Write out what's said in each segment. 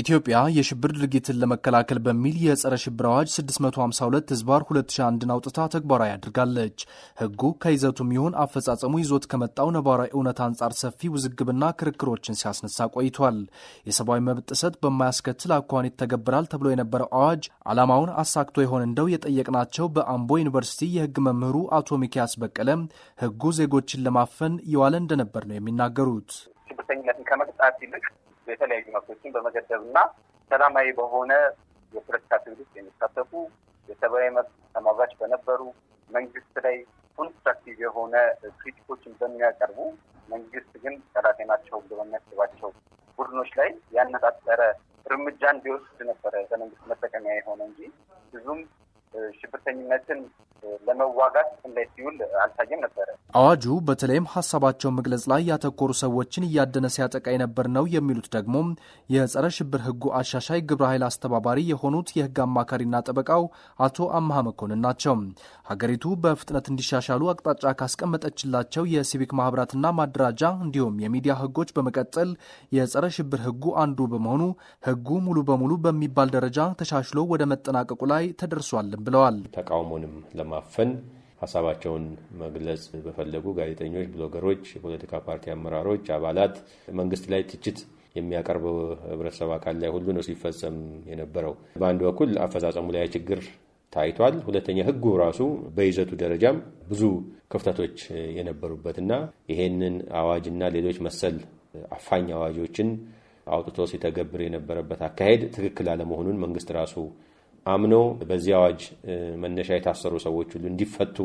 ኢትዮጵያ የሽብር ድርጊትን ለመከላከል በሚል የጸረ ሽብር አዋጅ 652 ህዝባር 2001ን አውጥታ ተግባራዊ አድርጋለች። ህጉ ከይዘቱም ይሁን አፈጻጸሙ ይዞት ከመጣው ነባራዊ እውነት አንጻር ሰፊ ውዝግብና ክርክሮችን ሲያስነሳ ቆይቷል። የሰብአዊ መብት ጥሰት በማያስከትል አኳን ይተገብራል ተብሎ የነበረው አዋጅ ዓላማውን አሳክቶ ይሆን እንደው የጠየቅናቸው በአምቦ ዩኒቨርሲቲ የህግ መምህሩ አቶ ሚኪያስ በቀለም ህጉ ዜጎችን ለማፈን የዋለ እንደነበር ነው የሚናገሩት። ሽብርተኝነትን ከመቅጣት ይልቅ የተለያዩ መብቶችን በመገደብ እና ሰላማዊ በሆነ የፖለቲካ ትግል ውስጥ የሚሳተፉ የሰብአዊ መብት ተሟጋች በነበሩ መንግስት ላይ ኮንስትራክቲቭ የሆነ ክሪቲኮችን በሚያቀርቡ መንግስት ግን ጠላቴ ናቸው በሚያስባቸው ቡድኖች ላይ ያነጣጠረ እርምጃ እንዲወስድ ነበረ በመንግስት መጠቀሚያ የሆነ እንጂ ብዙም ሽብርተኝነትን ለመዋጋት እንዳይ ሲውል አልታየም ነበረ። አዋጁ በተለይም ሀሳባቸውን መግለጽ ላይ ያተኮሩ ሰዎችን እያደነ ሲያጠቃ የነበር ነው የሚሉት ደግሞ የጸረ ሽብር ህጉ አሻሻይ ግብረ ኃይል አስተባባሪ የሆኑት የህግ አማካሪና ጠበቃው አቶ አምሃ መኮንን ናቸው። ሀገሪቱ በፍጥነት እንዲሻሻሉ አቅጣጫ ካስቀመጠችላቸው የሲቪክ ማህበራትና ማደራጃ እንዲሁም የሚዲያ ህጎች በመቀጠል የጸረ ሽብር ህጉ አንዱ በመሆኑ ህጉ ሙሉ በሙሉ በሚባል ደረጃ ተሻሽሎ ወደ መጠናቀቁ ላይ ተደርሷልም ብለዋል። ተቃውሞንም ለማፈን ሀሳባቸውን መግለጽ በፈለጉ ጋዜጠኞች፣ ብሎገሮች፣ የፖለቲካ ፓርቲ አመራሮች፣ አባላት መንግስት ላይ ትችት የሚያቀርበው ህብረተሰብ አካል ላይ ሁሉ ነው ሲፈጸም የነበረው። በአንድ በኩል አፈጻጸሙ ላይ ችግር ታይቷል። ሁለተኛ ህጉ ራሱ በይዘቱ ደረጃም ብዙ ክፍተቶች የነበሩበትና ይሄንን አዋጅና ሌሎች መሰል አፋኝ አዋጆችን አውጥቶ ሲተገብር የነበረበት አካሄድ ትክክል አለመሆኑን መንግስት ራሱ አምኖ በዚህ አዋጅ መነሻ የታሰሩ ሰዎች ሁሉ እንዲፈቱ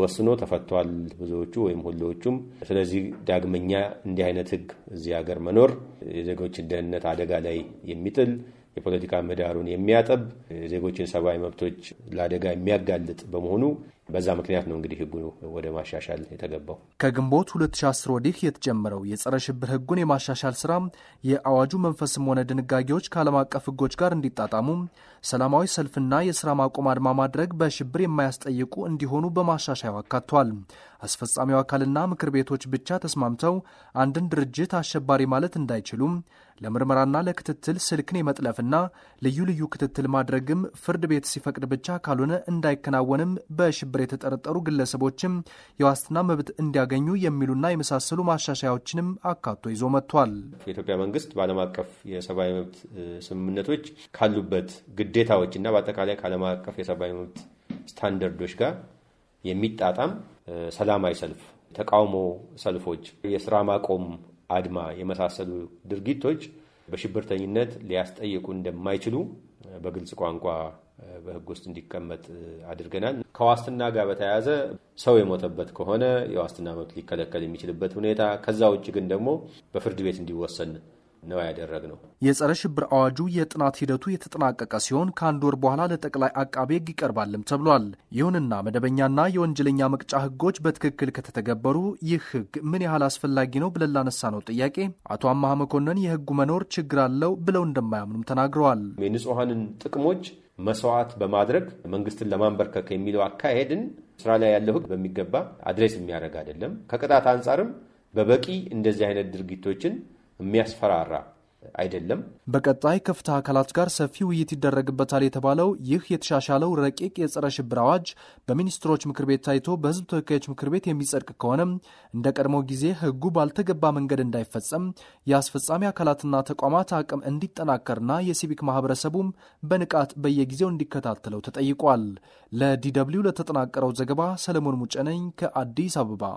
ወስኖ ተፈቷል፣ ብዙዎቹ ወይም ሁሎቹም። ስለዚህ ዳግመኛ እንዲህ አይነት ህግ እዚህ ሀገር መኖር የዜጎችን ደህንነት አደጋ ላይ የሚጥል የፖለቲካ ምህዳሩን የሚያጠብ የዜጎችን ሰብአዊ መብቶች ለአደጋ የሚያጋልጥ በመሆኑ በዛ ምክንያት ነው እንግዲህ ህጉ ወደ ማሻሻል የተገባው። ከግንቦት 2010 ወዲህ የተጀመረው የጸረ ሽብር ህጉን የማሻሻል ስራ የአዋጁ መንፈስም ሆነ ድንጋጌዎች ከዓለም አቀፍ ህጎች ጋር እንዲጣጣሙ፣ ሰላማዊ ሰልፍና የስራ ማቆም አድማ ማድረግ በሽብር የማያስጠይቁ እንዲሆኑ በማሻሻያው አካቷል። አስፈጻሚው አካልና ምክር ቤቶች ብቻ ተስማምተው አንድን ድርጅት አሸባሪ ማለት እንዳይችሉም ለምርመራና ለክትትል ስልክን የመጥለፍና ልዩ ልዩ ክትትል ማድረግም ፍርድ ቤት ሲፈቅድ ብቻ ካልሆነ እንዳይከናወንም በሽብር የተጠረጠሩ ግለሰቦችም የዋስትና መብት እንዲያገኙ የሚሉና የመሳሰሉ ማሻሻያዎችንም አካቶ ይዞ መጥቷል። የኢትዮጵያ መንግስት በዓለም አቀፍ የሰብአዊ መብት ስምምነቶች ካሉበት ግዴታዎች እና በአጠቃላይ ከዓለም አቀፍ የሰብአዊ መብት ስታንዳርዶች ጋር የሚጣጣም ሰላማዊ ሰልፍ፣ ተቃውሞ ሰልፎች፣ የስራ ማቆም አድማ የመሳሰሉ ድርጊቶች በሽብርተኝነት ሊያስጠይቁ እንደማይችሉ በግልጽ ቋንቋ በሕግ ውስጥ እንዲቀመጥ አድርገናል። ከዋስትና ጋር በተያያዘ ሰው የሞተበት ከሆነ የዋስትና መብት ሊከለከል የሚችልበት ሁኔታ፣ ከዛ ውጭ ግን ደግሞ በፍርድ ቤት እንዲወሰን ነው ያደረግነው። የጸረ ሽብር አዋጁ የጥናት ሂደቱ የተጠናቀቀ ሲሆን ከአንድ ወር በኋላ ለጠቅላይ አቃቤ ሕግ ይቀርባልም ተብሏል። ይሁንና መደበኛና የወንጀለኛ መቅጫ ሕጎች በትክክል ከተተገበሩ ይህ ሕግ ምን ያህል አስፈላጊ ነው ብለን ላነሳ ነው ጥያቄ አቶ አማሀ መኮንን የሕጉ መኖር ችግር አለው ብለው እንደማያምኑም ተናግረዋል። የንጹሐንን ጥቅሞች መስዋዕት በማድረግ መንግስትን ለማንበርከክ የሚለው አካሄድን ስራ ላይ ያለው ሕግ በሚገባ አድሬስ የሚያደርግ አይደለም። ከቅጣት አንጻርም በበቂ እንደዚህ አይነት ድርጊቶችን የሚያስፈራራ አይደለም። በቀጣይ ከፍትህ አካላት ጋር ሰፊ ውይይት ይደረግበታል የተባለው ይህ የተሻሻለው ረቂቅ የጸረ ሽብር አዋጅ በሚኒስትሮች ምክር ቤት ታይቶ በሕዝብ ተወካዮች ምክር ቤት የሚጸድቅ ከሆነም እንደ ቀድሞ ጊዜ ሕጉ ባልተገባ መንገድ እንዳይፈጸም የአስፈጻሚ አካላትና ተቋማት አቅም እንዲጠናከርና የሲቪክ ማህበረሰቡም በንቃት በየጊዜው እንዲከታተለው ተጠይቋል። ለዲ ለተጠናቀረው ዘገባ ሰለሞን ሙጨነኝ ከአዲስ አበባ